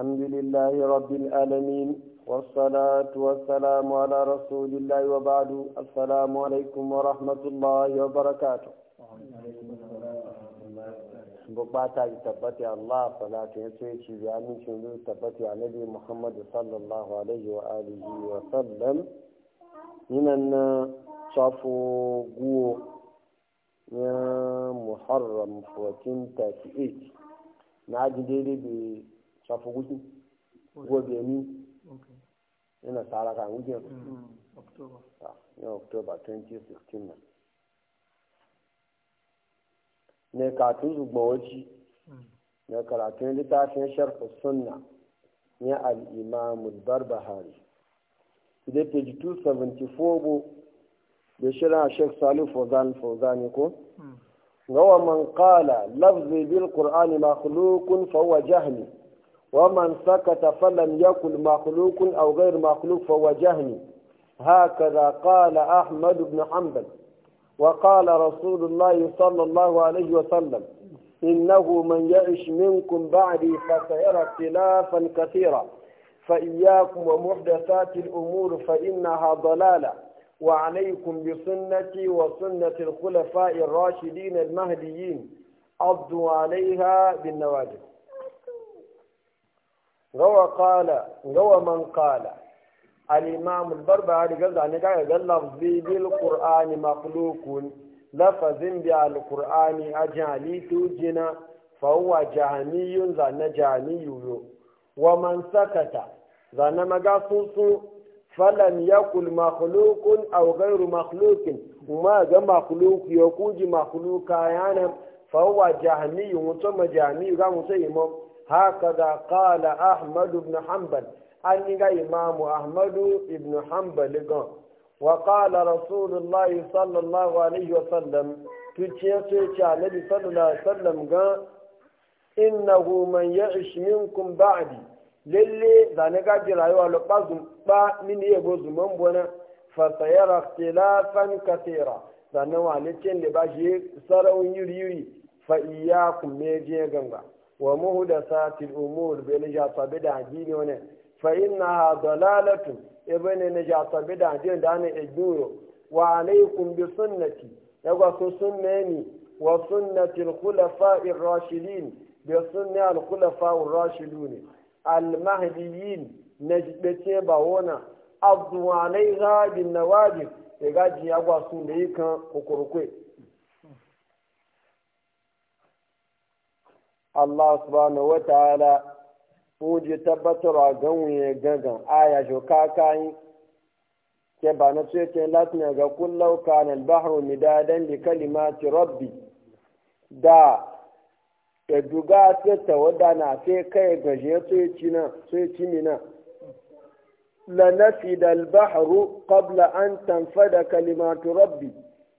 الحمد لله رب العالمين والصلاة والسلام على رسول الله وبعد السلام عليكم ورحمة الله وبركاته bukata ya tabbata Allah salatu ya ce ci ya amincin zai tabbata ya nabi Muhammad sallallahu alaihi wa alihi wa sallam yinan na safo guwo ya Muharram 1438 na shafi wuki gobe ni yana tsara kan wuki yan 2016 ne katun na mm. karatun littafin sharfa sunna ne al'imamul barbahari da page 274 bu da shirin shek salih fozan fozani ko mm. gawa man kala lafzi bil qur'ani makhluqun fa huwa ومن سكت فلم يكن مخلوق أو غير مخلوق فهو هكذا قال أحمد بن حنبل وقال رسول الله صلى الله عليه وسلم إنه من يعش منكم بعدي فسيرى اختلافا كثيرا فإياكم ومحدثات الأمور فإنها ضلالة وعليكم بسنتي وسنة الخلفاء الراشدين المهديين عضوا عليها بالنواجذ gawa kala gawa man kala al-imam al-barbahari ga zane ga ga lafzi bil qur'ani makhluqun lafazin bi al-qur'ani ajali tujina fa huwa na zane jahamiyu wa man sakata zane maga susu falam yakul makhluqun aw ghayru makhluqin ma ga makhluq yakuji makhluqa yana fa huwa jahamiyun mutum jahamiyu ga mutum imam هكذا قال أحمد بن حنبل أن إمام أحمد بن حنبل وقال رسول الله صلى الله عليه وسلم تجيسيك النبي صلى الله عليه وسلم قال إنه من يعش منكم بعدي lalle da na gaji rayuwa lokpa zumba min iya go zuman bona fa sayara ikhtilafan kathira da na wale cin da ba shi sarawun yuri yuri fa iyyakum me je ganga wa muhdasatil umur bi ni jata bida dini wani fa innaha dalalatu ibn ni jata bida dini da ne ejuro wa alaikum bi sunnati yawa su sunnani wa sunnati al-khulafa'i ar-rashidin bi sunni al-khulafa'i ar-rashidun al-mahdiyyin najbete bawona abdu alaiha bin nawajib ya gaji yawa sun da yi kan kukurkwe Allah subhanahu wa ta'ala wuje tabbatarwa gan wuye gangan aya jo yi. ke ba na ce ke latin ga kullau kana al-bahru midadan li kalimati rabbi da da e duga ta tawada na kai gaje sai ci na na la nafida al-bahru qabla an tanfada rabbi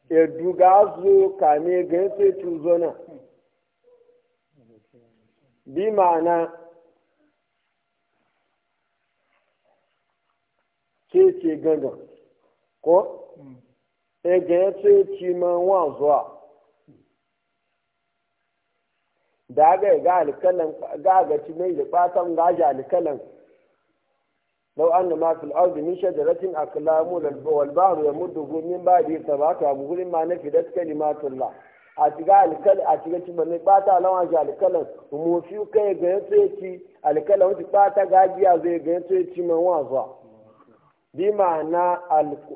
e duga zo kame ga sai ci zo bi ma'ana ce ke gangan ko hmm. e ga ce ci wa zuwa da ga ga alkalan ga ga ci mai da fatan gaji alkalan لو أن ما في الأرض من شجرة أقلام والبحر يمده من بعده سبعة أبوه ما نفدت كلمات الله a shiga alkal a shiga ci mai bata lawan shi alkalan mu fi kai ga yanzu ya ci alkalan wani bata gajiya zai ga yanzu ya ci mai wazwa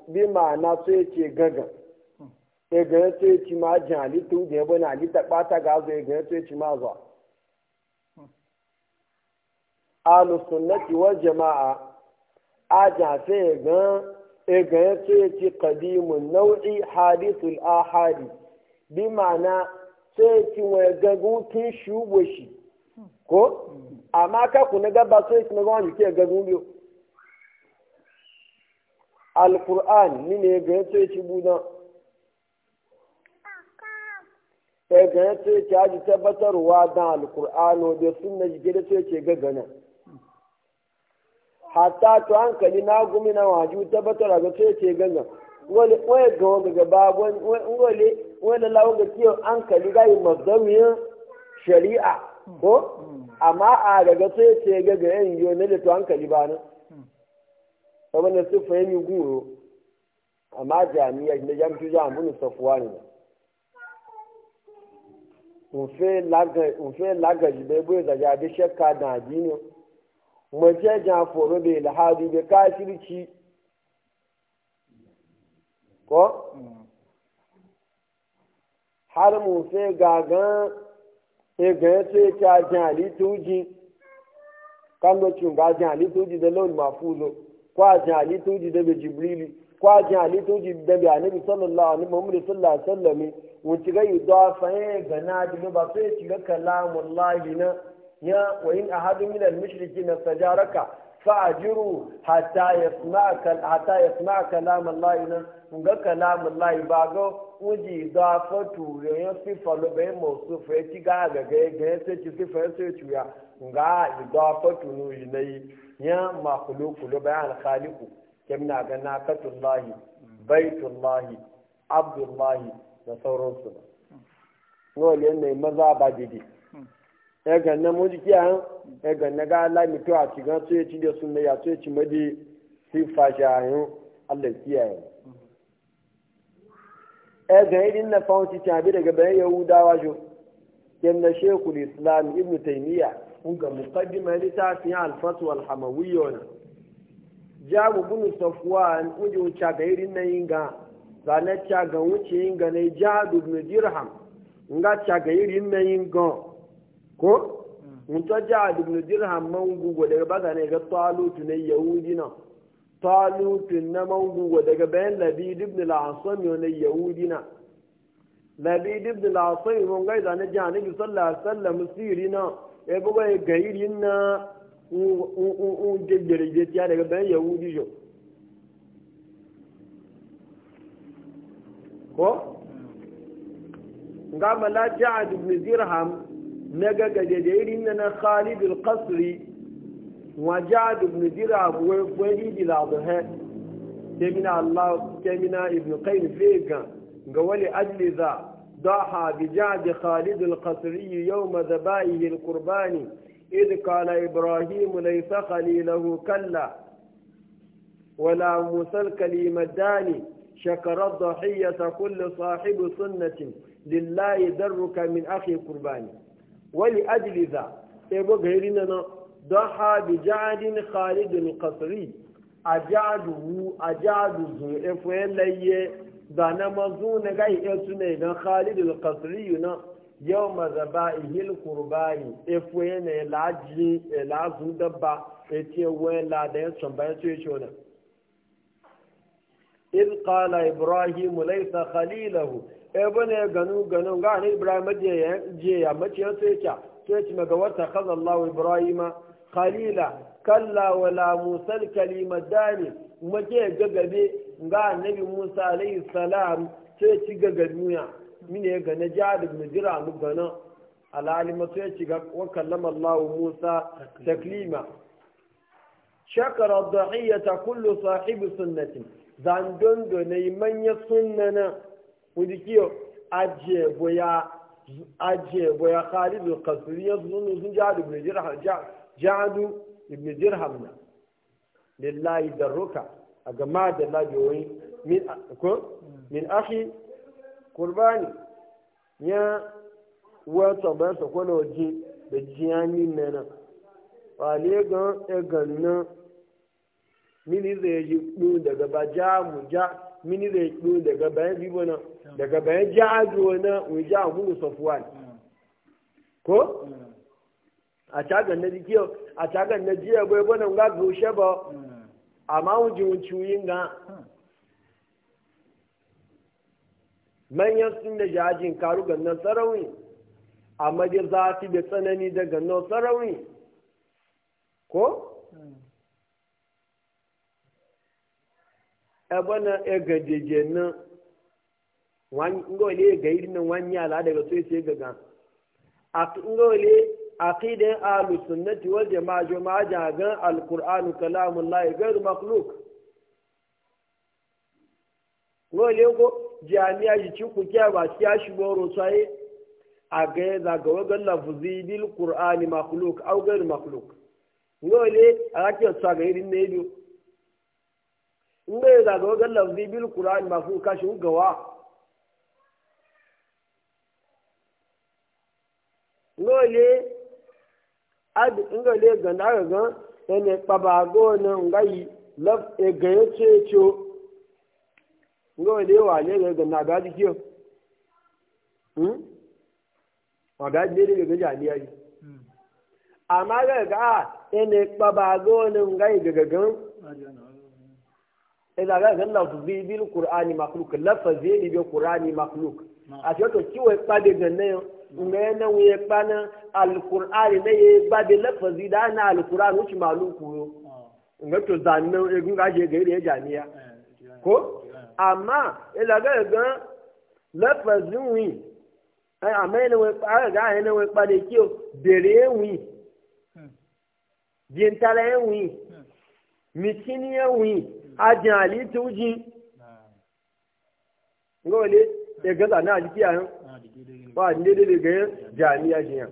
bi ma'ana so ya ce gagan ya ga yanzu ya ci ma jin halitta wuce ya bani halitta bata ga zai ga yanzu ya ci ma zuwa alusunnati wa jama'a a jafe gan ya ga yanzu ya ci qadimun nau'i hadithul ahadi bi ma'ana sai ki wani gagun shi ko amma ka ku na gaba sai ki na gawa ni ke gagun Al alkur'an ni ne ga sai ki budan sai e ga sai ki aji tabbatarwa dan alkur'an o de sunna ji da sai ki gagana hatta to an na gumi na waju tabbatar ga sai ki gagana wani wani ga wani gaba wani wani lawa ga kiyon an kali gayi mazdamin shari'a hmm. ko hmm. amma a daga sai ce ga ga yan yiwu na lito an kali ba nan na su fahimi guro amma jami'a na jami'u jami'u ne safuwa ne nfe lagaji bai bai zaga da shakka da adini mace jan foro bai lahadu bai kafirci ko hmm. har mu sai gagan e gaye to e ta tuji kan do cin ga jali tuji da lawul mafuzo ko a jali tuji da be jibrili ko a jali tuji da be anabi sallallahu alaihi wa sallam sallallahu alaihi wa sallam wasallam ti ci do yudafa e gana da ba sai ci ga kalamullahi na ya wa in ahadu minal al-mushrikin fajaraka fa'ajiru hatta yasma kalam Allah nan ga kalam Allah ba ga uji da fatu yayin sifa lo mo su fe ci ga ga ga ga sai ci sifa se ci ya ga da fatu nu yi ya makhluqu lo bai al khaliqu kemna ga na katullahi baitullahi abdullahi da sauransu ne ne maza ba didi ẹgàn náà mo dìkì àwọn ẹgàn náà gá láìmí tó a gan tó yẹ ti di ọsùn mẹyà tó yẹ ti mẹdi sí fàṣà àyún na kí ẹ. ẹgàn yìí nínú fáwọn títí àbí daga bẹ́ẹ̀ yẹ wú dáwájú yẹn na sheikul islam ibn taymiya ń ga muqaddima al tààfin alfatu alhamawiyya wọn. jabu bunu safwan ń jẹ́ cha ga e irin na yin ga ga wuce ga na jadu dirham nga cha ga e irin na yin ko mutu jihar ibn dirham man gugu daga baga ne ga talutu na yahudi na talutu na man gugu daga bayan labid ibn al-asam ne yahudi na labid ibn al-asam mun ga idan ja ne sallallahu alaihi wasallam sirina e buga ya gairi na gere je ti daga bayan yahudi jo ko nga mala ja ibn dirham na gaga da خالد na na khalid al-qasri wa ja'ad الله dirab ابن قيم فيك قول أجل ذا kemina ibn ضحى بجعد خالد القصري يوم ذبائه القرباني إذ قال إبراهيم ليس خليله كلا ولا موسى الكليم الداني شكر الضحية كل صاحب سنة لله درك من أخي قرباني wali ajliza ebo gairi na na don ha bi jadin khalidun kasri a jadu a jadu zu efo laye da na mazu na gai etu ne don khalidun kasri na yau mazaba ihil kurbani efo ne laji e lazu dabba eti wani ladan tsambayin su ya ce wani إذ قال إبراهيم ليس خليله ebe ne ganu ganu ga ne ibrahim je ya mace ya sai ta sai ci maga wata kazallahu ibrahima khalila kalla wala musal kalima dani mace gagabe ga annabi musa alayhi salam sai ci duniya mine ya na jihar ibn jira mu gana alalima sai ci ga wa kallama allah musa taklima shakara dhahiyata kullu sahibi sunnati zan dondo ne manya sunnana wani ajiye boya ajiye boya khalid al-qasri ya zunu sun jihad ibn dirham jadu ibn dirham na lillahi darruka a gama da labiyoyi min ko hmm. min akhi qurbani ya wata ba sa kwana waje da jiyani mena wale ga egan nan mini zai yi daga ba ja mu mini da ɗo daga bayan bibo na daga bayan ja'azo na wuja a gugu safuwan ko a cagan na jikiyo a cagan na jiya bai gwanan ga goshe ba amma wujin wuciyoyin ga manyan sun da jajin karu ga nan sarauni amma dai zafi da tsanani daga nan sarauni ko hmm. ebana ega jeje na ngole ga irin nan wani ala daga so sai ga ga ngole aqidan ahlus sunnati wal jamaa jamaa ga alqur'anu kalamullah ghairu makhluq ngole go jami'a ji ci ku kya ba ci shi boro sai a ga za ga wagan lafzi bil qur'an makhluq aw ghairu makhluq ngole a ga ci ga irin ne biyu inda ya zaga wajen lafzi bil qur'an masu kashin gawa ngole ad ngole ganda ga ene pabago na ngai laf e gayo checho ngole wa ne ga na ga dikiyo hm wa ga dire ga ja ni ayi hmm. amma ga ga ene pabago na ngai ga ga gan idan ga ga lafzu bil qur'ani makhluq lafazi ni bil qur'ani makhluq a ti to kiwo pa de ganna yo me na we pa na al qur'ani ne ye ba de lafazi da na al qur'ani uchi maluku yo ngato zanna e gunga je ga ire eh, jami'a ko amma idan ga ga lafzi wi ai amma ne we pa ga ne we pa de kiwo bere wi hmm. bientala wi hmm. mitini wi ajin halitta wuji ga wale e gaza na jiki a yan ba ne da daga yan a shi yan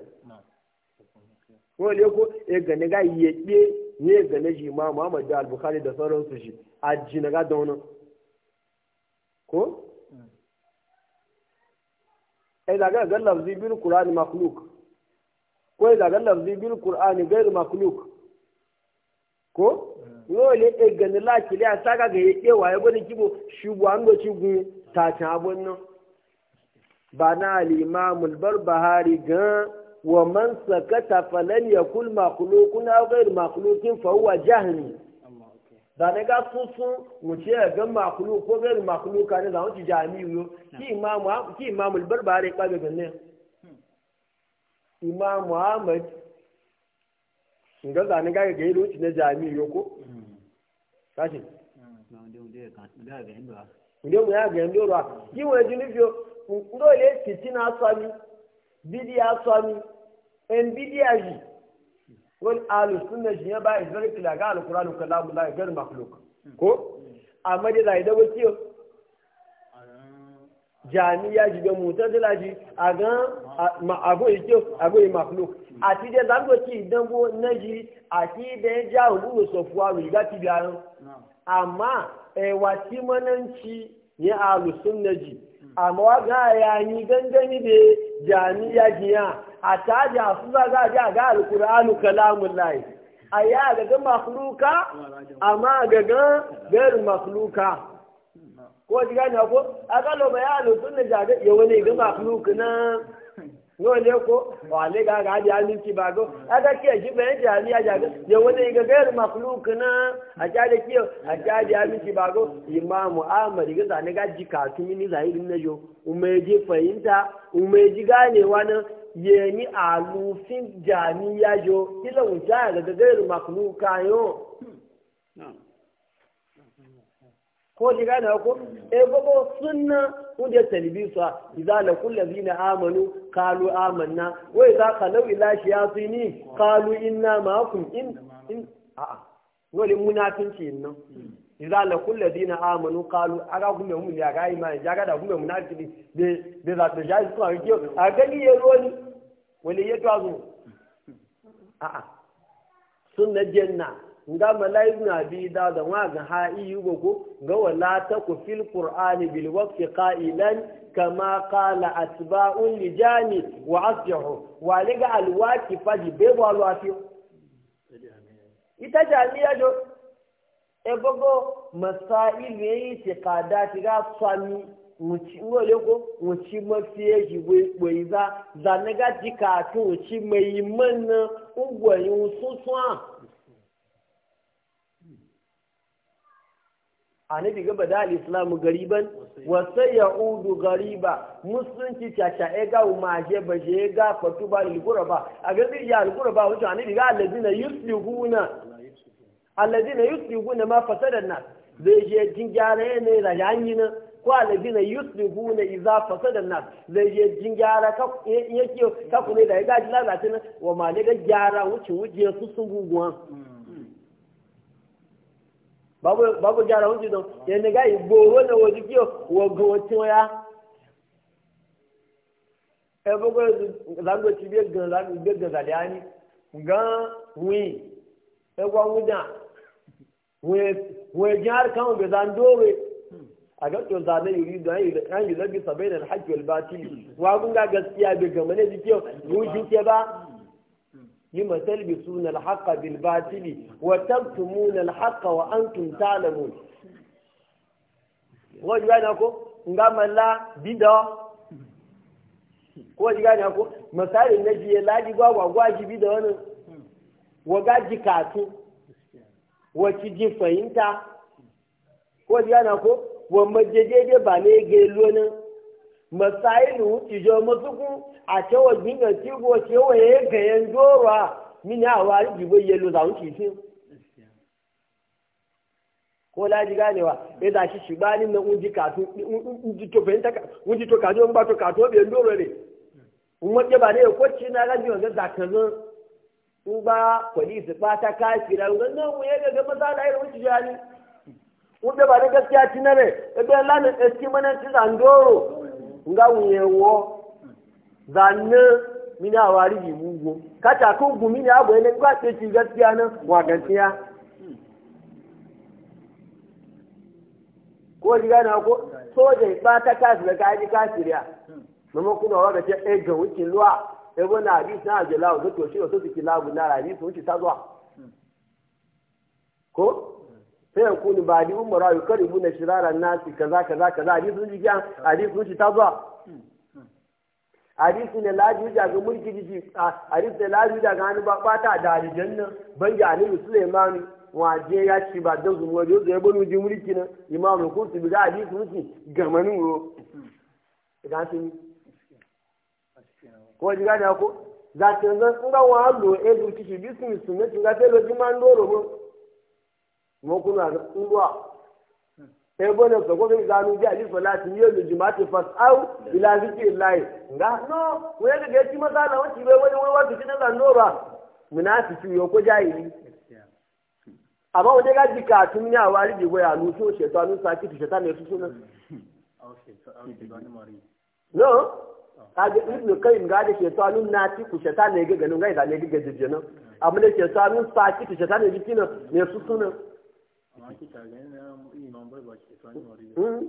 wale ko ya e gane ga yaɗe ne ya gane shi ma muhammad da al-bukhari da sauransu shi aji na ga daunan ko e ai daga ga lafzi bil qur'an makhluq ko daga e lafzi bil qur'an ghair makhluq ko yóò lè egani láti ilé asága gèye pé wàá ẹgbẹ́ ní kíbo ṣùgbọ́n à ń lọ sí gun tààtàn abọ́ náà. bana alimami barbahari gan wa man sakata falan yakul makulukun aw ghayr makulukin fa huwa jahmi zane ga sunsun mu ce ga makulu ko ghayr makuluka ne zamu ci jami'u yo ki imamu ki imamu barbahari ka ga ganne imamu ahmad ga zane ga ga yi na jami'u yo ko kashi ndio mu ya ga ndio ra ki wo ji nifio ndo le titi na asami bidi asami en bidi aji wal alu sunna jiya ba is very clear ga alquran kalamu la gar makhluq ko amma dai zai da wakiyo jami'a ji da mutazila ji a ga abu ago ikiyo ago makhluq àti dẹ lágbo tí ìdánwò nẹ́jì àti dẹ já sọ fún àwọn ìgbà tìbí àrùn àmọ́ ẹwà tí mo náà ń ci yẹn àrùn sún nẹ́jì hmm. àmọ́ wá gán àyà ni gángan níbi jàmí yájìyàn àtàjà àfúnfà gáàjà àgá àlùkùrọ̀ àlùkàlámù láì àyà àgàgán màkúlùkà àgàgán ko ko a wani na yau ne ko wale ga ga ya miki ba go aga ke ji bai da ni aja ga ya wani ga gair er makhluk na aja da ke aja da ya miki ba go imamu ahmad ga zane ga ji katu mini zahirin na yo umeji fahimta umeji ganewa na yeni alufin jami'a yo kila wuta ga gair makhluka yo ko ni gane ko E eh, gogo sunna mun da talbisa idza la kullu zina amanu qalu amanna wa idza qalu ila shayatini qalu inna ma'akum in in a a wani munafinci nan idza la kullu zina amanu qalu aga kuma mun ya ga ima ya ga da kuma munafiki de de za ta jaji ko kiyo a gani ya roni wani ya tawo a a sunna janna nga malayi na bi da da wa ga ha iyu go ko ga wala ta ku fil qur'ani bil waqti qailan kama qala atba'un li jani wa asjahu wa liga al fa di be wa lo afi ita jami'a jo e bogo masail yi ti qada ti ga swami wuci wole ko wuci mafiye ji wai za zanaga jika to wuci mai manna ugwayin susuwa annabi gaba da al'islamu gariban wa sayaudu gariba musulunci caca ya ga umaje ba je ga fatu ba al ba a ga ya al ba wato annabi ga allazina yuslihuna allazina yuslihuna ma fasada nas zai je jin gyara ne da yanyi na ko allazina za fasa da nas zai je jin gyara ka yake ka kune da ga lalace na wa ma ne ga gyara wuce wuje su sun guguwa babu gyara hunji don ne ga igboro na waje kiyo wago wacin ya e bugu zango ci biyar gan zango biyar gan zaliyani gan wi e gwa wuda we har kan bai zan dore a ga to zane yuri don a yi zabi sabai da alhaji walbatili wa kun ga gaskiya bai gama ne jikiyo ruji ke ba لما تلبسون الحق بالباطل وتكتمون الحق وأنتم تعلمون wajen gane ko ngamala bida ko wajen gane ko misali na jiye laji gwagwa gwaji bida wani waga ji katu wace ji fahimta ko wajen gane ko wa majejeje ba ne ga masailu ijo masuku a cewa jinga tigo cewa ya ga yan dora mini a wari jibo yelo za mu shi. ko laji ganewa ya za shi shi bani na unji kato unji to fahimta unji to kato ba to kato bai dora ne in wace ba ne ko ci na gaji wanda zakanin in ba polisi ba ta kafira wanda nan ya ga maza da irin wuce jani wanda ba da gaskiya ci na ne ebe lana eski mana ci zandoro nga wuye wo zanne mini awari yi wugo kacha ko gu mini abo ne kwa ce ci gaskiya nan wa ko ji na ko soja ba ta kasu da kaji kasiriya mama kuna wa ga ce e ga luwa e na abi na jelawo to shi to su ki labu na rabi su wuce ta zuwa ko sai ya kuni ba di umara ya kari buna shirarar nasi kaza kaza kaza hadisun ji kyan hadisun shi ta zuwa hadisi ne laji hujja ga mulki jiki hadisi ne laji hujja ga hannu bata da hadijan nan ban ga annabi sulaimani waje ya ci ba da zuwa da zai bani ji mulki nan imamu kurtu bi ga hadisi mulki gamanin ro ga sun ko ji gane ko za ta zan tsawa lo e eh, zuci shi bismi sunnati ga sai lo ma man doro wọn kúnnú àkúrúwà ẹgbẹ́ náà sọ kókè ìgbàanú bí àdìsọ láti ní olùjì má ti fàṣ áwù ìlànà ìkè láì nga nọ wọn yẹ kékeré tí mọ́tà náà wọ́n ti bẹ wọ́n wọ́n ti kíndà lóra mìíràn ti fi yọ kọjá yìí. àmọ́ wọn jẹ́ ká jìkà àtúnú ní àwọn àríjìwé àlù tó ṣètò àlù sàkí tó ṣètò àlù tuntun náà. no kaji ibnu kayyim ga da shètò àlù náà ti kù ṣètò àlù ẹgbẹ́ gẹ̀ẹ́nu ga ne jẹjẹ náà àmọ́ Um, hmm?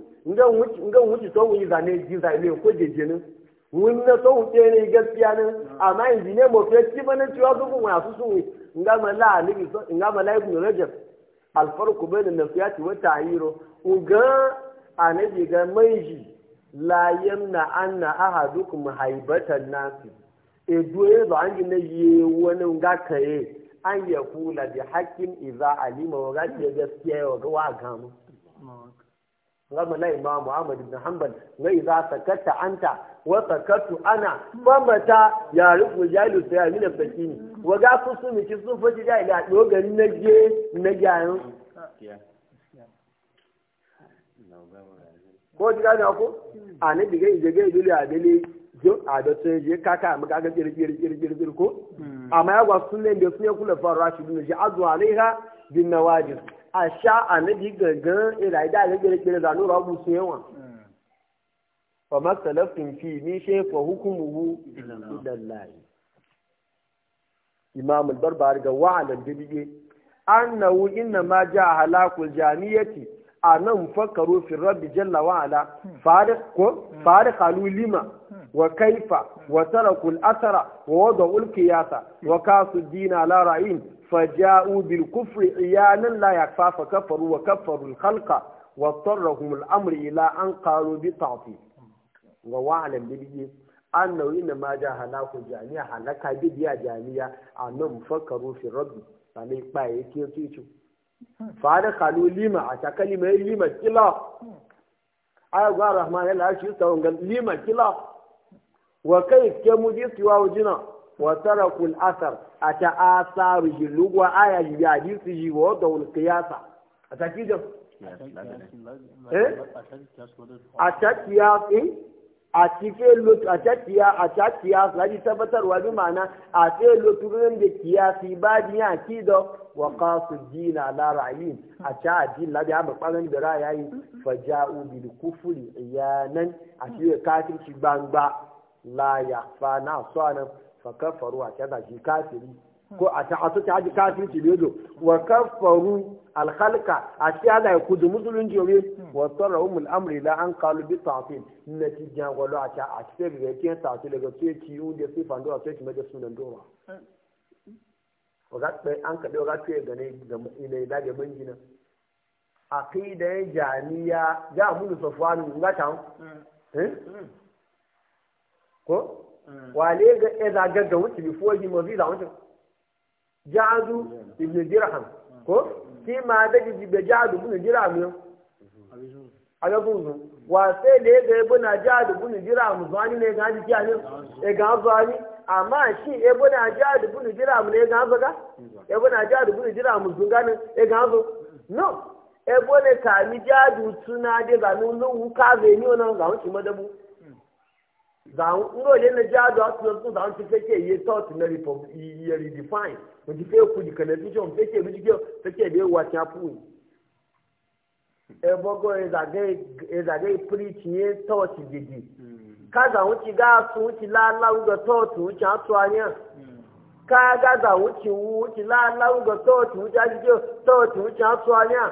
nga wuce so wuyi zane ji zane ko jejjenin wun na so wuce ne gaskiya nan amma yanzu ne mo fe ci bana ciwa su kun wasu sun wi nga mala alibi nga mala ibn rajab al farqu bayna nafiyati wa ta'yiro uga anabi ga maiji la yamna anna ahadukum haibatan nasi e duwe ba an ne ye wani nga kaye e. an ya kula bi haƙƙin iza alima wa gaji ya gaskiya yau ga wa gama. gama na imamu ahmad ibn hanbal na iza sakatta anta wa sakattu ana famata ya rufu jahilu sai ya mina ne. wa ga su su miki sun fashi da ila dogari na je na gyayin ko ji gane ko a ne diga ije ga idule a dele yau a da sai je kaka a kaga kiri kiri kiri kiri kiri ko hmm. amma ya gwa sunne da sunne kula fa shi ji azu alaiha bin nawajis a sha a na annabi gangan ila e da ga kiri kiri da nura bu sunne wa fa hmm. masalafin fi ni shay fa hukumuhu ila imam al-barbari ga wa'alan bidiye annahu inna ma ja'a halakul jamiyati anan fakaru fi rabbi jalla wa ala hmm. fariq ko fariq lima وكيف وتركوا الأثر ووضعوا القياس وكاسوا الدين على رأيهم فجاءوا بالكفر عيانا لا يكفى فكفروا وكفروا الخلق واضطرهم الأمر إلى أن قالوا بتعطيل وواعلم بليه أنه إنما جاهلاه جميعا لك بديا جانية أنهم فكروا في الرب فلي باي كيتيتو فهذا قالوا لما أتى كلمة لما كلا أيها الرحمن الله شو تقول لما كلا wa kai ke mu ji siwa wajina wa tarakul asar a ta asaru ji lugwa aya ji ya ji su ji wa da wani kiyasa a ta kijin eh? a ta kiyasi a cikin lotu a bi ma'ana a ce lotu rin da kiyasi ba ji ya kido wa qasu dina la ra'ayin a ta addini laji a bakwaran da ra'ayi fa ja'u bil kufri iyanan a cikin kafirci gbangba la fa na sanan fa kafaru a kaza shi kafiri hmm. ko a ta asu ta ji kafirci da yazo wa kafaru alhalka a shi ala ya kudu musulunci yobe hmm. wa sarrahum amri la an qalu bi ta'til na ti jangolo a ta a ce bi ke ta'til daga ce ci u da sifan do ce ci maje sunan do ba waga pe an ka do ga ce ga ne ga ile a ga manjina aqida jamiya ja mun safwanu ngata can? ko mm. wale ga eza bifo ibn dirham mm. ko ki ma da ji be ibn dirham yo aga wa le ga ibn ibn dirham zani ne ga ji ne e ga zani amma shi ibn jadu ibn dirham ne ga zaga ibn jadu ibn dirham zun ga ne e ga zo no e ka mi jadu tuna de ga nu lu ka ze ni ona ga madabu zàwọn ńlọ yẹn lè jẹ àjọ àtúntò ti iye tọọtù náà rìpọ iye define mo ti fẹ kú di kẹlẹtíṣọn fẹkẹ mi ti fẹ fẹkẹ ìdí ewu àti apú yìí. ẹ bọgọ ẹzàgẹ píríkì yẹn tọọtù gidi káàdà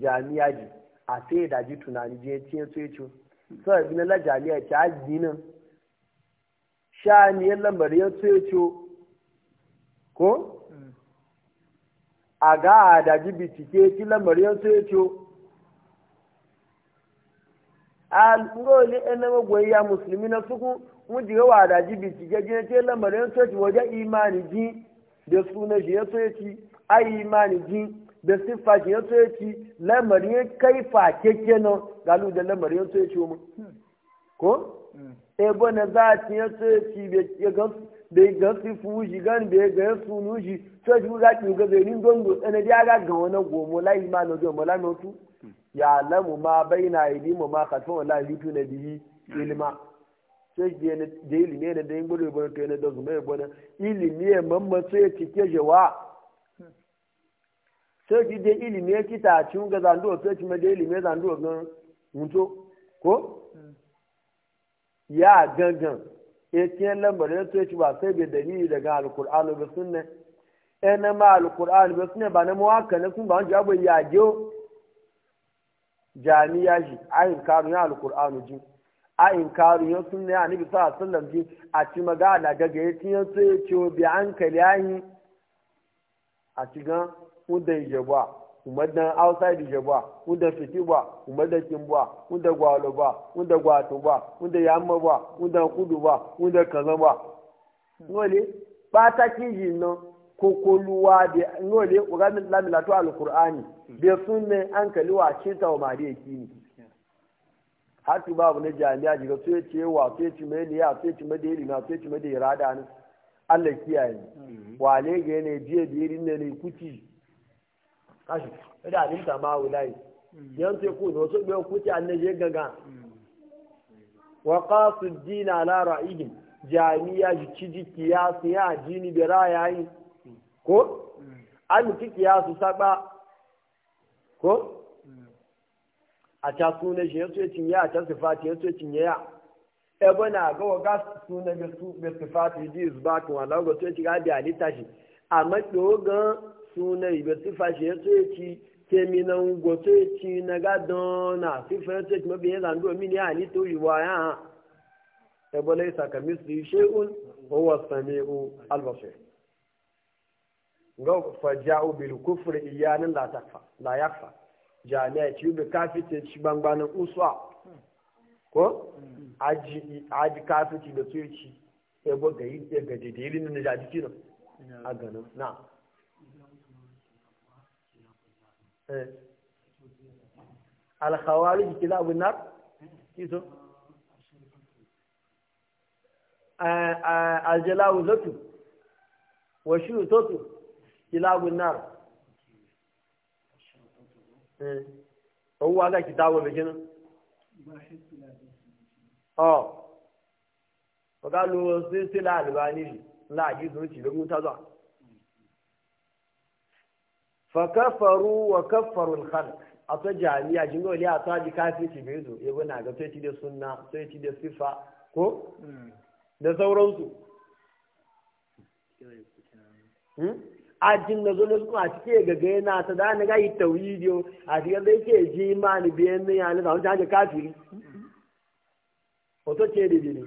jami'a ji a sai da ji tunani je ce ce ce sai bin la jami'a ta jinin sha ne lambar ya ce ce ko a ga a da ji bitike ki lambar ya ce ce al ngoli enama goyya muslimi na suku mu diga wa da ji bitike je ce lambar ya ce waje imani ji da sunan shi ya ce ci ai imani ji da siffa ya so ya ci lamari ya kai fakeke nan galu da lamari so ya ci mu ko hmm. ebo na za a ci yanzu ya ci ya bai ga sifu shi gan bai gan sunu shi so shi za ki ga zai gongo tsana ya ga ga wani gomo layi ma na gomo la notu hmm. ya lamu ma baina mu ma kafin wala yutu na bihi hmm. ilma so je ne da ilimi ne da yin gudu ba to ne da zuma ya bona ilimi ya mamma so ya cike jawa sai ki da ilimi ya ci taci ga zando sai ki da ilimi gan mutu ko ya gangan etiyan lambar ya sai ki ba sai da dalili daga alkur'ani ba sunna eh na ma ba ba na muwakka na sun ba wani jabo ya jami'a shi ayin karu ya ji ayin karu ya nabi sallallahu alaihi wasallam ji a ci magana daga etiyan sai ci bi hankali ayin a ci gan wanda ijebwa umadan outside ijebwa wanda fitibwa umadan kimbwa wanda gwalobwa wanda gwatubwa wanda yamabwa wanda kudubwa wanda kazabwa ngole pataki jinno kokoluwa de ngole ugami lamila to alqur'ani be sunne kaliwa wa ta wa mariya kini hatu babu na jami'a jiga sai ce wa sai ci mai ne ya sai ci mai da na sai ci mai da rada ne Allah kiyaye wale ga ne jiya da irin ne kuci kashi da abin ta ma wulai hmm. yan sai ku no so be ku ti je gaga hmm. wa qasid din ala ra'ihim jami'a ji ciji kiyasu ya jini bi ra'ayi hmm. ko an ya su saba ko a ta sunan shi yaso cin ya a ta sifati yaso cin ya ebe e na ga wa gas sunan be su be sifati ji ba back wa ga to ci ga bi alita shi amma dogan suna ibe sifa shi ya tsoye ci kemi na ngwo tsoye ci na gadon na sifa ya tsoye ci mabi ya zando mini ya ni to yi wa ya ebo lai sakamis li shay'un wa huwa sami'u al-basir ga faja'u bil kufri iyanan la takfa la yakfa jami'a ci bi kafite ci bangbanin uswa ko aji aji kafite da tsoye ci ebo ga yi ga dalilin na jadiki na a ganin na alkhawarij kitabun nar kiso e, aljalawu zatu wa shurutatu kitabun nar owó aga kitabu bẹ jẹnu ọ ọgá lu sísílà àlùbáníyì ńlá àjíṣun tìlógún tọ́jọ́ fakafaru wa kafarun khalq a ta jami'a jin wali a ta ji ci bai zo ya na ga sai ci da sunna sai ci da sifa ko da sauransu a jin na zo na suna a cike gaga yana ta da na gayi biyu a cikin da ke ji ma ni biyan ni ya ni zaun ta hajji kafiri hoto ce da ne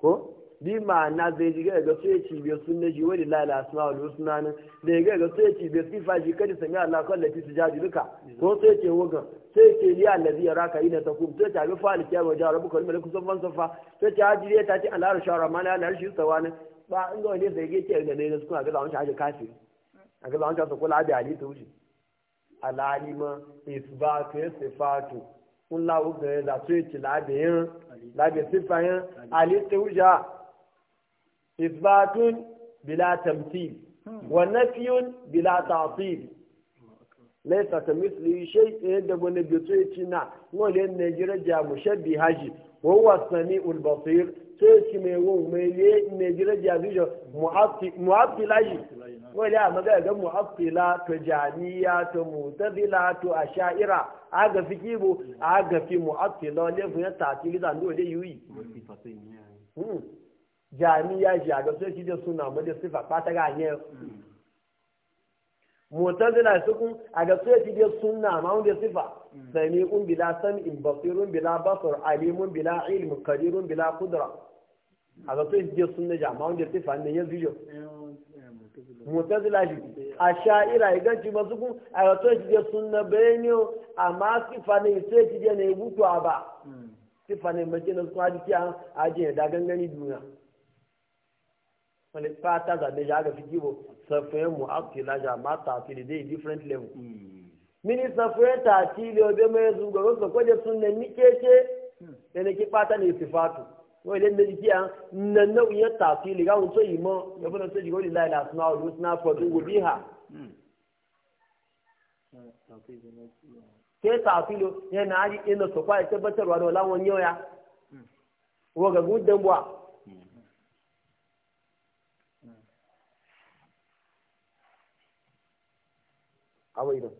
ko bi ma'ana zai ji ga ga sai ci biyo sunna shi wani lala asma wal husna nan da ga ga sai ci biyo faji shi kada sami Allah kan lati su jaji duka ko sai ce waga sai ce li allazi yaraka ina takum sai ta bi fa'al kiyama ja rabbuka wal malaku safan safa sai ta ala shara ma la arshi sawana ba an ga wani sai ga ce da ne su kuma ga zawon shi haje a ga zawon ta su kula isbatun bila تمثيل ونفي بلا bila ليس laysa شيء shay نبيتنا ولن bito yace na wale ne jira ja mushabbihaji wa sai mai wo mai le ne jira ja bijo mu'atti yi wale a maga ga mu'attila to jamiya to mu'tazila to asha'ira aga fikibu aga fi mu'attila ne fun ya yi. jami ya ji a sai shi da suna mada sifa fata ga hanyar mu'tazila zina sukun a sai shi da suna ma wanda sifa sani un bila sami in basirun bila basar alimun bila ilmun kadirun bila kudura a sai shi da suna ja ma wanda sifa ne ya zijo motar zina a sha'ira iganci masu kun a sai shi da suna bayaniyo amma sifa ne sai shi da ne a ba hmm. sifa ne mace na su hajji a ajiyar da gangani duniya wani fata zaɓe ya ga fi kibo safiyan a akti laja ma tafili dai different level mini safiyan tafili obe mai zungaro sun ne ni keke da na ki fata ne sifatu wani idan da jiki an tafili ga wuce ya fi na so jigo lillahi la suna wa lusna fadun gubiha ke tafilo yana ari ya awai din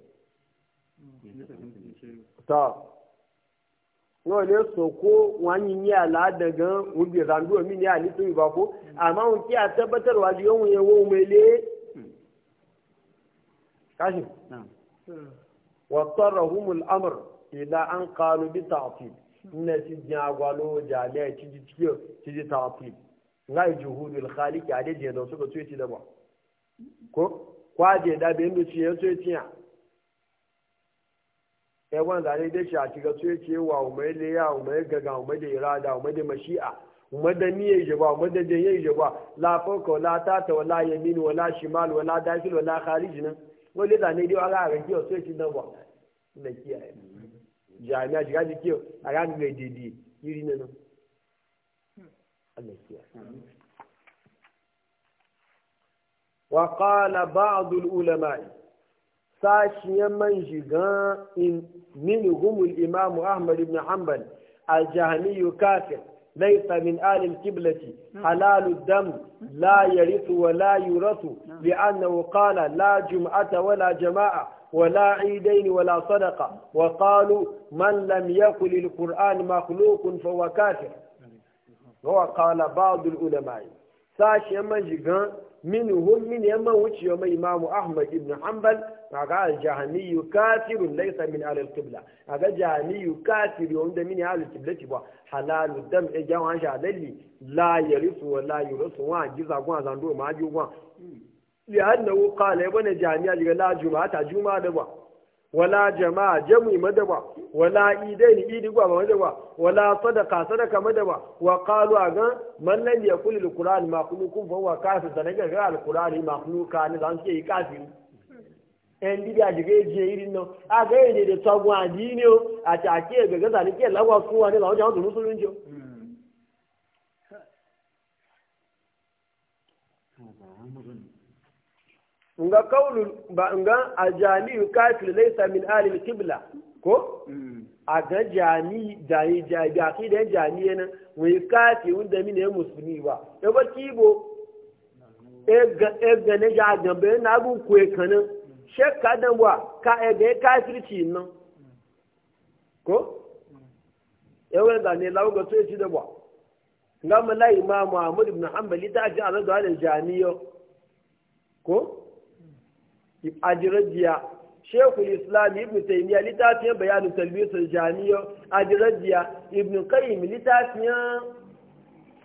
hmm, ta yau ne so ko wani ni ala daga wubi zandu mi ni ali tun ba ko hmm. amma un ki a tabbatar hmm. wa ji yawun yawo mele kashi wa tarahum al-amr ila an qalu bi ta'til na ci jagwalo jami'a ci ji ciyo ci ji ta'til ngai juhudul khaliq ade je da suka ce ci da ba ko kwaje da bai mu ciye so tiya ya? wan da ne da shi a tiga so ce wa umai le ya umai gaga umai da irada umai da mashi'a umai da niyya je ba umai da je yayi je ba la fawka wala tata wala yamin wala shimal wala dakhil wala kharij nan wale da ne dai wala ga kiyo so ci nan ba na kiyaye jami'a shiga ji kiyo a ga ne dede yiri nan Allah kiyaye وقال بعض العلماء ساشيا من جيغان منهم الإمام أحمد بن حنبل الجهني كافر ليس من آل الكبلة نعم. حلال الدم لا يرث ولا يرث لأنه قال لا جمعة ولا جماعة ولا عيدين ولا صدقة وقالوا من لم يقل القرآن مخلوق فهو كافر هو قال بعض العلماء ساشيا من جيغان min hummin yamma wuce yamma imamu ahmad ibn hanbal kaga jahmiyu kafiru laysa min alal qibla kaga jahmiyu kafiru wanda min alal qibla tibwa halalu dam e jaw an shadalli la yarisu wa la yurisu wa giza gwa zando ma ji gwa li annahu qala ibn jahmiya li la juma'a ta juma'a da ba. wala jama'a jam'i madaba wala idain idi gwa ba madaba wala sadaqa sadaqa madaba wa qalu aga man lam yakul alquran makhluqun fa huwa kafir dan ga ga en irin no aga ide de tawu adini o ati ake ga ga dan ke lawa jo nga kaulul ba nga a jami'u kafir laysa min ahli qibla ko mm. a ga jami da yi jami a kai da jami yana wai kafi wanda min ya musulmi ba e ba kibo e ga e ga ne ja ga be na bu ku e kana ka da wa ka e ga kafirci nan ko e wa da ne lawo ga to ci da wa nga mala imamu ahmad ibn hanbali ta ji a da jami'o ko ajirajiya shekul islam ibn taymiya littafin bayanu talbisul jami'a ajirajiya ibn qayyim littafin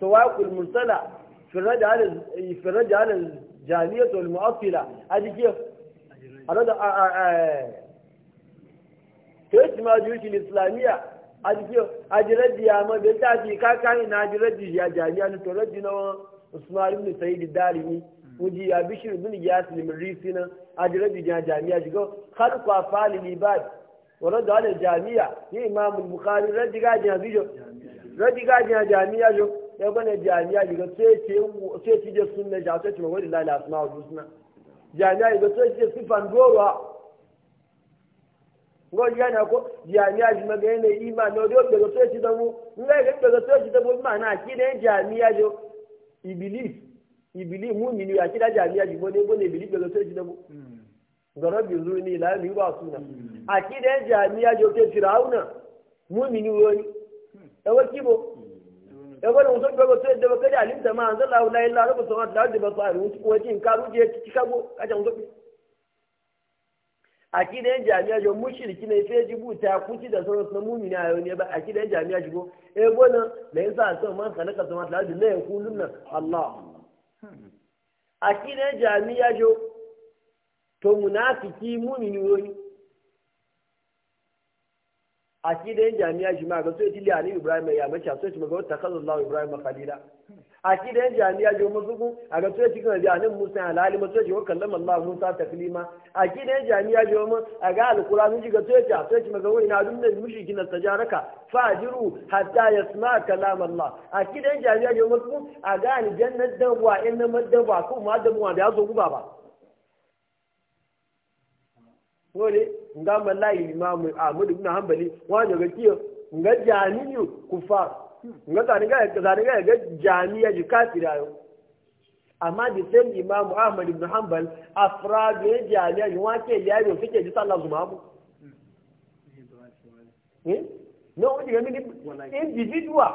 sawaqul mursala firraja ala jami'a wal mu'attila ajike arada kai ma juyul islamiyya ajike ajirajiya ma da tafi kakani na ajirajiya jami'a to rajina usman ibn sayyid dalimi wuji ya bishir bin giyas limirisi nan ajirabi na jami'a shiga khalqu afali libad wa radu jami'a ni imam jami'a jo ya jami'a shiga sai ci wa lillahi al-asma'ul husna jami'a shiga sai ce sifan dora ngo yana ko jami'a ji maga yana imani no do daga sai ci da mu ngai ga daga sai ci da mu ma na ki ne jami'a jo ibili mumini ya kida jami'a ji bone bone ibili belo sai jinabu garo bi zuru ni hmm. hmm. la ni ba suna akida jami'a jo ke firauna mumini woni e wa kibo e wa mutum belo sai da baka da alimta ma anzal la ilaha illa rabbu subhanahu wa ta'ala ba sai wuci ko jin ka ruje ki kago ka jan zobe akida jami'a jo mushriki ne sai jibuta kuci da sauran sunan mumini a yau ne ba akida jami'a jigo e bona la yasa sai man khalaqa samawati wal ardi la yaquluna allah ne jami'a jo to munafiki mumini woni ne jami'a shi ma ga so itili ali ibrahim ya mace so shi ma ga takhazallahu ibrahim khalila akida yan jami'a jo musuku a ga tuwa cikin da anin musa alali musa jo kallama Allah musa taklima akida yan jami'a jo mu a ga alquran ji ga tuwa ta tuwa ci maga wani na dunne mushriki na tajaraka fajiru hatta yasma kalam Allah akida yan jami'a jo musuku a ga ni jannat da wa inna madda wa ko ma da mu da ya zo guba ba wani nga mallai imamu ahmad ibn hanbali wani ga kiyo nga jami'u kufar nga zaniga ga jami'a ji kafira yau amma da sai imamu ahmad ibn hanbal afrad ne jami'a ji wake liyayo suke ji sallah zuma ne na wani ga mini individual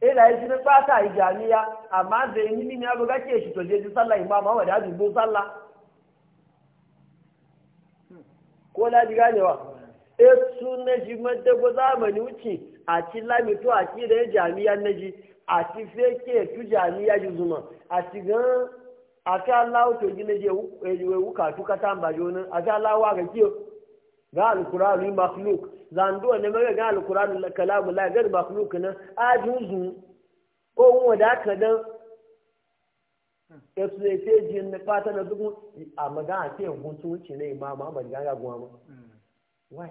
ila e yi e shine ba ta yi jami'a amma da yi mini ya buga ke shi to je ji sallah imamu ahmad ya dubo sallah ko la ji ganewa esu na ji madagwa zamani wuce a ci lamito a ci da jami'a na ji a ci feke tu jami'a ji zuma a ci gan a ta lawo to gina je wuka tu ka tan ba jonin a ta lawo ga kiyo ga alkurani makhluk zando ne maga ga alkurani kalamu la ga makhluk na a juzu ko mu da ka dan esu ne ce jin na fata na dubu a maga a ce guntu wuce ne ma ma ga ga goma hmm. why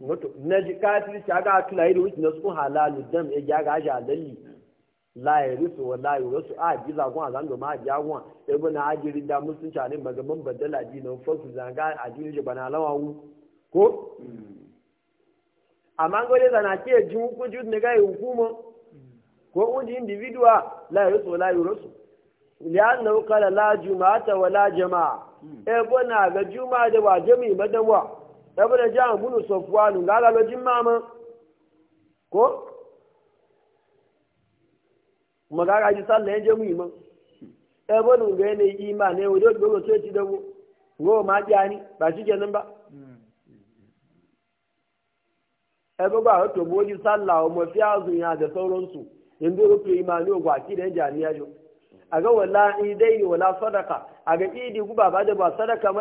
wato e e e na ji ci aga tunayi yi wuce na su halalu dam ya ji aga aji halalli la ya wa la ya wasu a ji zagon a zanga ma a ji agon ya bi na ajirin da musulunci a ne magaman badala ji na fasu zanga a jirin ji bana lawa wu ko amma gole zana ke ji hukunci ne ga yi hukuma ko wani individual la ya rusu wa la ya rufe na kala la juma'ata wa la jama'a ebo na ga juma'a da wa jami'i madawa saboda jihar bunu sofuwanu ga alalojin mama ko kuma ga na sallah yanzu mu iman ebe nun ga yanayi ima ne wajen gbogbo so ci e dago goma ma biya ni ba shi kenan e ba ebe ba wato boji sallah wa mafi ya da sauransu yanzu rufe imani ogwa ki ya jo a ga wala wala sadaka a idi guba ba da sadaka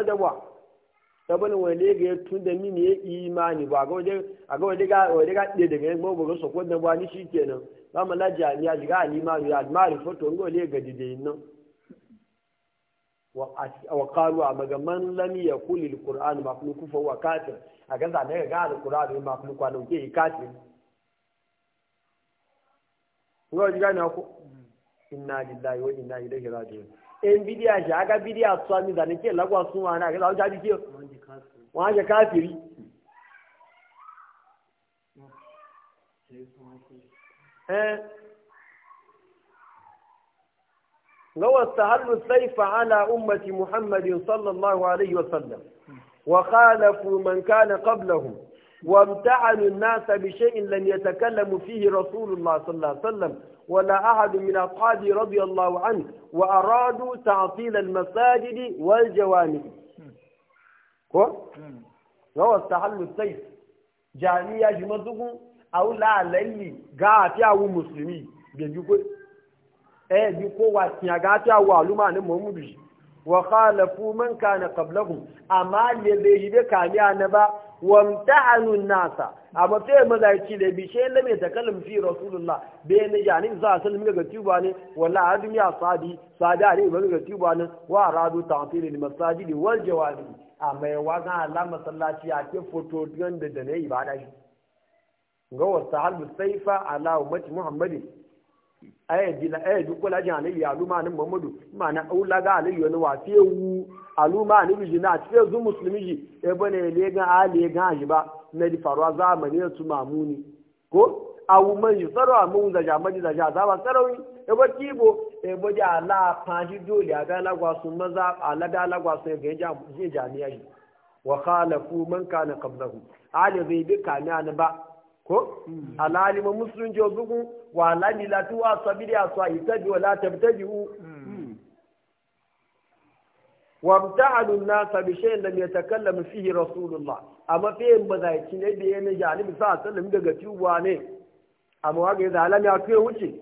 sabon wani ga ya tun da mini ya imani ba ga waje a ga waje waje ga ɗaya daga yankin ba ga sokon da ba ni shi kenan ba mu laji a miya shiga alimani ya mari foto ga waje ga dide nan wa qalu a maga man lam yaqul alquran makhluq fa huwa kafir a ga zane ga alquran makhluq wa dauke kafir ga waje ga na ko mm. inna lillahi wa inna ilaihi in ya aga bidia bidiya su sami zane ke lagwa su wani a kasar shaɗi ke wani shi kafiri لو استهل السيف على أمة محمد صلى الله عليه وسلم وخالفوا من كان قبلهم وامتعنوا الناس بشيء لم يتكلم فيه رسول الله صلى الله عليه وسلم ولا أحد من أصحابه رضي الله عنه وأرادوا تعطيل المساجد والجوامع كو هو استحل السيف يا جمدوه أو لا للي قاتي أو مسلمي بيجوكو إيه bi ko wa tiya ga ta wa luma ne muhammadu wa khalafu man kana qablahum amma le wamtahanun nasa a sai mazaki da bi shi mai takallam fi rasulullah bai ne jani za su ga tuba ne wala adun ya sadi sadi ne ba ga tuba ne wa radu masaji masajidi wal jawabi a mai waga Allah masallaci a ke foto da da na ibada shi ga wasta saifa ala ummati muhammadin ayyaji na ayyaji kula jin alayyi aluma ni muhammadu ma'ana aula ga alayyi wani wa fiye wu aluma ni biji na fiye zu musulmi ji e bane le ga ale ga ji ba na di faruwa zamani su mamuni ko awu man yi tsaro a mun da jamaji da jaza ba sarawi e ba bo e ba ji ala faji dole a ga alagwa sun maza ala da alagwa sun ga ji jami'a ji wa khalafu man kana qablahum ale bai bi kana ba ko mm. alalimin musulunci zugu wa alami latu wa sabiri a su a itabi wa la tabtabi hu mm. wa ta'alun nasa bi shay'in lam yatakallamu fihi rasulullah amma in yin bazaici ne da yana jalibi sa sallam daga tuwa ne amma ga da alami a kai wuce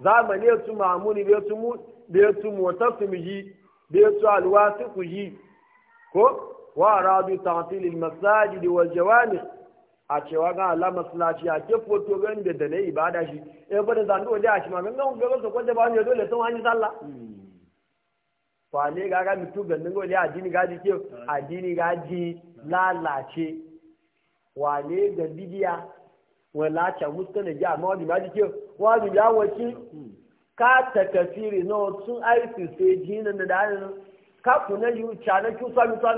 zamani ya tu mamuni bai tu mu bai tu mu ji bai tu alwasi ku ji ko wa radu ta'til al masajid wal jawami' a cewa ga Allah masallaci a ke foto gan da da nayi ibada shi eh ba da zando da shi ma gan gan ga so ko da ba ne dole sun hanyar sallah hmm. fa ne ga ga mutu gan nan gole addini gaji ke hmm. addini gaji lalace wane ga bidiya wala ta musta ne ja ma wani maji ke wani ya waci hmm. ka ta kafiri no sun aiki sai jinin da dalilin ka kuna yi chana kusa kusa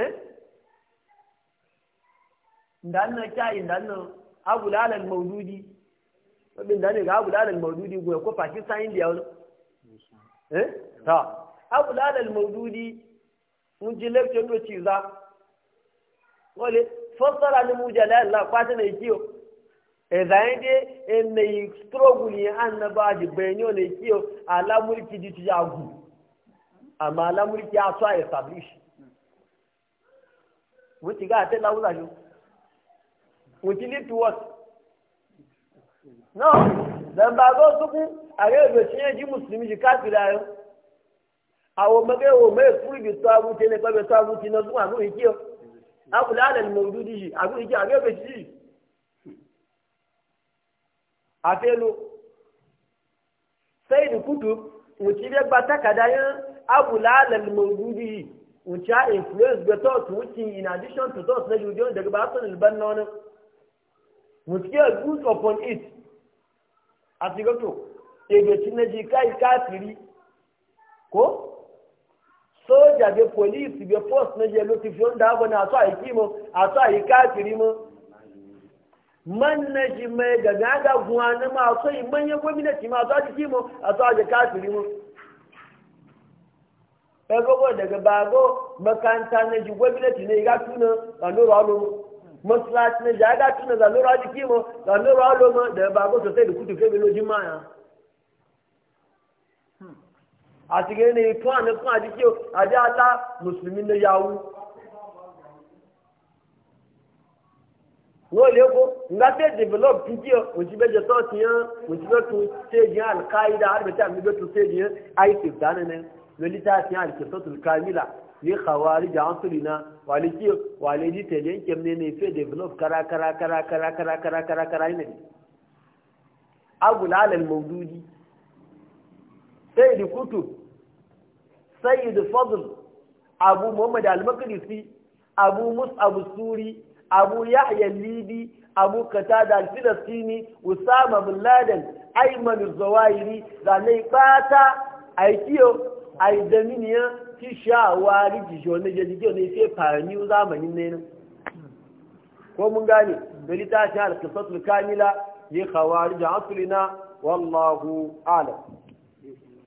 eh ndanna kyai ndanna abu lalal maududi wabin da ne ga abu maududi goya ko pakistan india wani eh ta abu maududi mun ji lecture do ci za wale fassara ni mu jala Allah kwata na kiyo e zayin de en yi struggle ni annaba ji benyo ne kiyo ala mulki ji ti agu amma ala mulki aso establish wuti ga te lawuza yo which lead to what? No, dan ba go suku a yau da shi ji musulmi ji kafira yau. Awo mage wo mai furbi sabu ne ba be sabu tin na zuwa go yiki. Aku la da mawdudi ji, aku yiki a yau da shi. Afelo sai da kutu wuci bai ba takada yin abu la da mawdudi wuci a influence ga thought wuci in addition to thought na jujo daga ba sun ban nono. mùsùlùmí good upon it àti gọ́tò èdè tí na jí káyì káàkiri kó sójà bẹ pòlíìsì bẹ fọ́ọ̀sì na jẹ ló ti fi ń dáàbò ní àtọ́ àyíkí mọ́ àtọ́ àyí káàkiri mọ́ man na jí mọ́ gàgà àgà àná mọ́ àtọ́ yìí mọ́nyẹ́ gómìnàtì mọ́ àtọ́ àyíkí mọ́ àtọ́ àjẹ káàkiri mọ́. ẹgbẹ́ bọ́ daga bàgọ́ na jí gómìnàtì na mọ́sálásí ní ìyá gàtú náà lọ́rọ̀ ajé kí mọ́ lọ́rọ̀ ọlọ́mọ dẹ̀bà kó sọ sẹ́ẹ̀dì kútù fẹ́mi lójú máa yàn. Hmm. àti kí ni fún àná fún àti kí o àti alá mùsùlùmí ní yahoo. wọ́n lè kó nga fẹ́ develop kí o òtí bẹ́ẹ̀ jẹ tọ́ọ̀tì yẹn òtí bẹ́ẹ̀ tún stage yẹn alikaida àdìbẹ́tì àmì bẹ́ẹ̀ tún stage yẹn isis dání ní lórí tá a ti yẹn alikẹ́tọ́tù kamila li khawarij da wale ki wale ji tele kem ne ne fe develop kara kara kara kara kara kara kara kara ne abul alal mawdudi sayyid kutub sayyid fadl abu muhammad al-maqdisi abu mus'ab suri abu yahya libi abu katada al-filastini usama bin laden ayman az-zawahiri da ne bata aikiyo aidaminiya ti sha'awa rijijo na jirgin ne sai fahimi zamanin ne nan ko mun gane da littafin alkisatul kamila ne khawarij asrina wallahu alam